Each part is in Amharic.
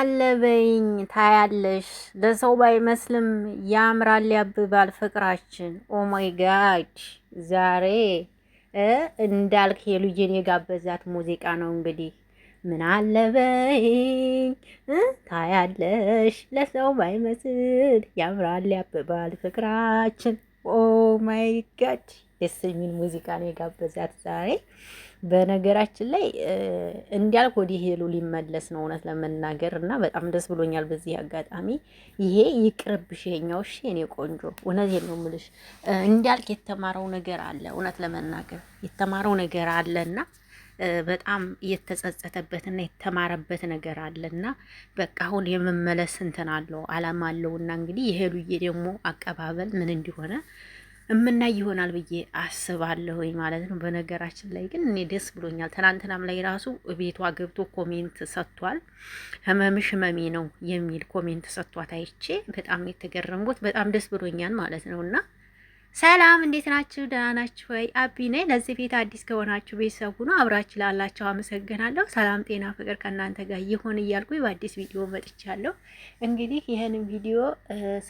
አለ በይኝ ታያለሽ። ለሰው ባይመስልም ያምራል ያብባል ፍቅራችን። ኦማይ ጋድ ዛሬ እንዳልክ ሄሉዬን የጋበዛት ሙዚቃ ነው እንግዲህ ምን አለ በይኝ ታያለሽ። ለሰው ባይመስል ያምራል ያብባል ፍቅራችን። ማይ ጋድ ደስ የሚል ሙዚቃ ነው የጋበዛት ዛሬ። በነገራችን ላይ እንዲያልኩ ወደ ሄሉ ሊመለስ ነው እውነት ለመናገር እና በጣም ደስ ብሎኛል በዚህ አጋጣሚ። ይሄ ይቅርብሽ ይሄኛው እሺ፣ የኔ ቆንጆ እውነት ነው የምልሽ። እንዲያልክ የተማረው ነገር አለ እውነት ለመናገር የተማረው ነገር አለ እና በጣም የተጸጸተበትና የተማረበት ነገር አለ እና በቃ አሁን የመመለስ እንትን አለው አላማ አለው እና እንግዲህ የሄሉዬ ደግሞ አቀባበል ምን እንዲሆነ የምናይ ይሆናል ብዬ አስባለሁኝ ማለት ነው። በነገራችን ላይ ግን እኔ ደስ ብሎኛል። ትናንትናም ላይ ራሱ ቤቷ ገብቶ ኮሜንት ሰጥቷል። ህመምሽ ህመሜ ነው የሚል ኮሜንት ሰጥቷት አይቼ በጣም የተገረምኩት በጣም ደስ ብሎኛል ማለት ነው እና ሰላም እንዴት ናችሁ? ደህና ናችሁ ወይ? አቢ ነኝ። ለዚህ ቤት አዲስ ከሆናችሁ ቤተሰብ ነው አብራችሁ ላላችሁ አመሰግናለሁ። ሰላም፣ ጤና፣ ፍቅር ከእናንተ ጋር ይሁን እያልኩ በአዲስ ቪዲዮ መጥቻለሁ። እንግዲህ ይህንን ቪዲዮ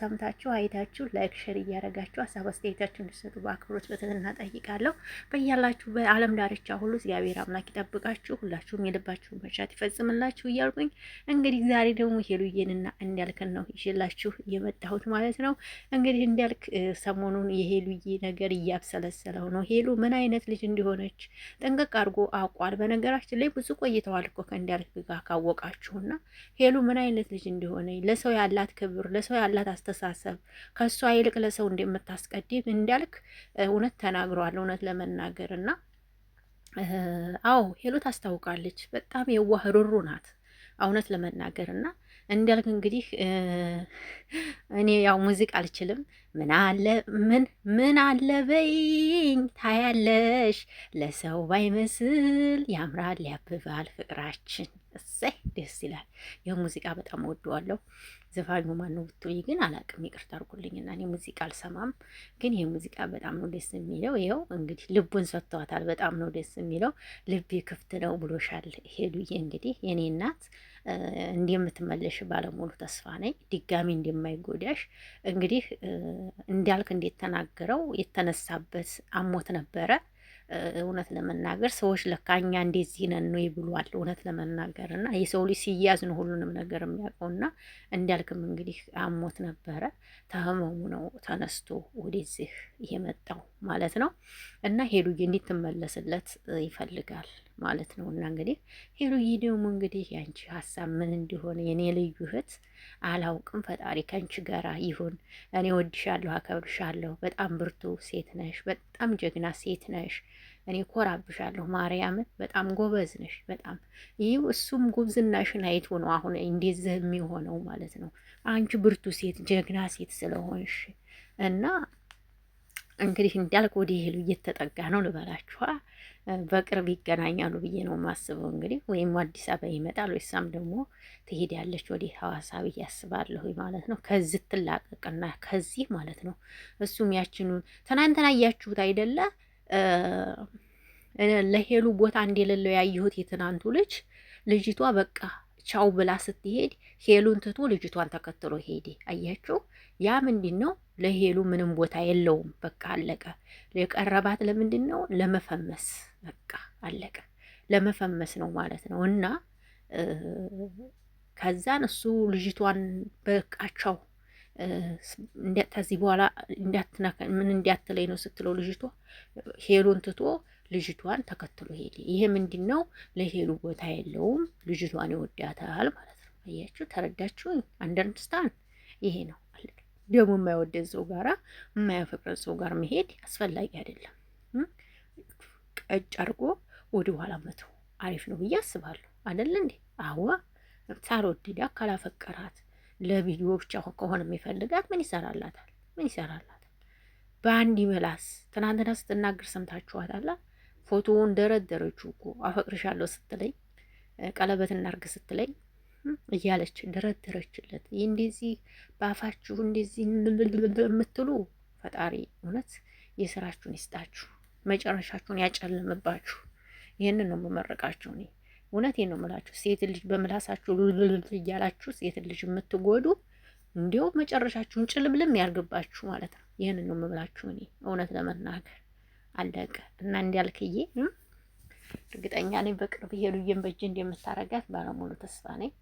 ሰምታችሁ አይታችሁ ላይክ፣ ሼር እያደረጋችሁ ሀሳብ አስተያየታችሁ እንድትሰጡ በአክብሮት በትህትና ጠይቃለሁ። በያላችሁ በዓለም ዳርቻ ሁሉ እግዚአብሔር አምላክ ይጠብቃችሁ፣ ሁላችሁም የልባችሁን መሻት ይፈጽምላችሁ እያልኩኝ እንግዲህ ዛሬ ደግሞ ሄሉዬንና እንዲያልክን ነው ይዤላችሁ የመጣሁት ማለት ነው። እንግዲህ እንዲያልክ ሰሞኑን የሄሉዬ ነገር እያብሰለሰለው ነው። ሄሉ ምን አይነት ልጅ እንዲሆነች ጠንቀቅ አድርጎ አውቋል። በነገራችን ላይ ብዙ ቆይተዋል እኮ ከእንዳልክ ጋር ካወቃችሁና ሄሉ ምን አይነት ልጅ እንደሆነ ለሰው ያላት ክብር፣ ለሰው ያላት አስተሳሰብ ከእሷ ይልቅ ለሰው እንደምታስቀድም እንዲያልክ እውነት ተናግሯል። እውነት ለመናገር እና አዎ ሄሉ ታስታውቃለች። በጣም የዋህ ሩሩ ናት እውነት ለመናገር እና እንዳልክ እንግዲህ እኔ ያው ሙዚቃ አልችልም። ምን አለ ምን ምን አለ በይኝ ታያለሽ፣ ለሰው ባይመስል ያምራል ያብባል ፍቅራችን እሰይ ደስ ይላል። ይህ ሙዚቃ በጣም ወደዋለሁ። ዘፋኙ ማነው ብትይ ግን አላቅም፣ ይቅርታ አድርጉልኝና እኔ ሙዚቃ አልሰማም። ግን ይህ ሙዚቃ በጣም ነው ደስ የሚለው። ይኸው እንግዲህ ልቡን ሰጥተዋታል። በጣም ነው ደስ የሚለው። ልቤ ክፍት ነው ብሎሻል ሄዱዬ። እንግዲህ የኔ እናት እንደምትመለሽ ባለሙሉ ተስፋ ነኝ። ድጋሚ እንደማይጎዳሽ እንግዲህ እንዳልክ እንደተናገረው የተነሳበት አሞት ነበረ እውነት ለመናገር ሰዎች ለካኛ እንደዚህ ነን ነው ይብሏል። እውነት ለመናገር እና የሰው ልጅ ሲያዝ ነው ሁሉንም ነገር የሚያውቀውና እንዳልክም እንግዲህ አሞት ነበረ። ተህመሙ ነው ተነስቶ ወደዚህ የመጣው ማለት ነው። እና ሄሉዬ እንዲትመለስለት ይፈልጋል። ማለት ነው። እና እንግዲህ ሄሉዬ ደግሞ እንግዲህ ያንቺ ሀሳብ ምን እንደሆነ የኔ ልዩ እህት አላውቅም። ፈጣሪ ከንቺ ጋራ ይሁን። እኔ ወድሻለሁ፣ አከብርሻለሁ። በጣም ብርቱ ሴት ነሽ፣ በጣም ጀግና ሴት ነሽ። እኔ ኮራብሻለሁ። ማርያምን በጣም ጎበዝ ነሽ። በጣም ይህ እሱም ጉብዝናሽን አይቶ ነው አሁን እንደዚህ የሚሆነው ማለት ነው። አንቺ ብርቱ ሴት፣ ጀግና ሴት ስለሆንሽ እና እንግዲህ እንዳልክ ወደ ሄሉ እየተጠጋ ነው ልበላችኋ። በቅርብ ይገናኛሉ ብዬ ነው የማስበው። እንግዲህ ወይም አዲስ አበባ ይመጣል ወይሳም ደግሞ ትሄዳለች ወደ ሐዋሳ ብዬ አስባለሁ ማለት ነው። ከዚህ ትላቀቅና ከዚህ ማለት ነው። እሱም ያችኑን ትናንትና እያችሁት አይደለ ለሄሉ ቦታ እንደሌለው ያየሁት የትናንቱ ልጅ ልጅቷ በቃ ቻው ብላ ስትሄድ ሄሉን ትቶ ልጅቷን ተከትሎ ሄዴ አያችሁ? ያ ምንድን ነው ለሄሉ ምንም ቦታ የለውም። በቃ አለቀ። የቀረባት ለምንድን ነው? ለመፈመስ በቃ አለቀ። ለመፈመስ ነው ማለት ነው። እና ከዛን እሱ ልጅቷን በቃቸው ከዚህ በኋላ ምን እንዲያትለኝ ነው ስትለው ልጅቷ ሄሉን ትቶ ልጅቷን ተከትሎ ሄደ። ይሄ ምንድን ነው? ለሄሉ ቦታ የለውም። ልጅቷን ይወዳታል ማለት ነው። አያችሁ፣ ተረዳችሁ? አንደርስታንድ ይሄ ነው። ደግሞ የማይወደን ሰው ጋራ የማያፈቅረን ሰው ጋር መሄድ አስፈላጊ አይደለም። ቀጭ አድርጎ ወደ ኋላ መተው አሪፍ ነው ብዬ አስባለሁ። አደለ እንዴ? አዋ ሳልወደዳት ካላፈቀራት ለቪዲዮ ብቻ ከሆነ የሚፈልጋት ምን ይሰራላታል? ምን ይሰራላታል? በአንድ መላስ ትናንትና ስትናገር ሰምታችኋታላ። ፎቶውን ደረደረችው እኮ አፈቅርሻለሁ ስትለኝ ቀለበት እናርግ ስትለኝ እያለች ደረደረችለት። እንደዚህ በአፋችሁ እንደዚህ የምትሉ ፈጣሪ እውነት የስራችሁን ይስጣችሁ፣ መጨረሻችሁን ያጨልምባችሁ። ይህንን ነው የምመረቃችሁ እኔ እውነት ነው የምላችሁ። ሴት ልጅ በምላሳችሁ እያላችሁ ሴት ልጅ የምትጎዱ እንዲሁ መጨረሻችሁን ጭልምልም ያርግባችሁ ማለት ነው። ይህንን ነው የምላችሁ እኔ እውነት ለመናገር አለቀ እና እንዲያልክዬ እርግጠኛ ነኝ በቅርብ ሄሉዬን በእጅ እንደምታረጋት ባለሙሉ ተስፋ ነኝ።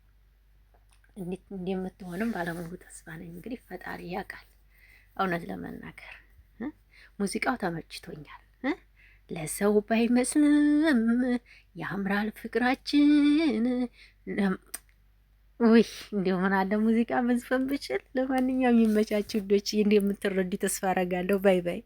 እንዴት እንደምትሆንም ባለሙሉ ተስፋ ነኝ። እንግዲህ ፈጣሪ ያውቃል። እውነት ለመናገር ሙዚቃው ተመችቶኛል። ለሰው ባይመስልም ያምራል ፍቅራችን። ውይ እንዲሁ ምን አለ ሙዚቃ መዝፈን ብችል። ለማንኛውም የሚመቻችሁ ዶች እንደምትረዱ ተስፋ አረጋለሁ። ባይ ባይ።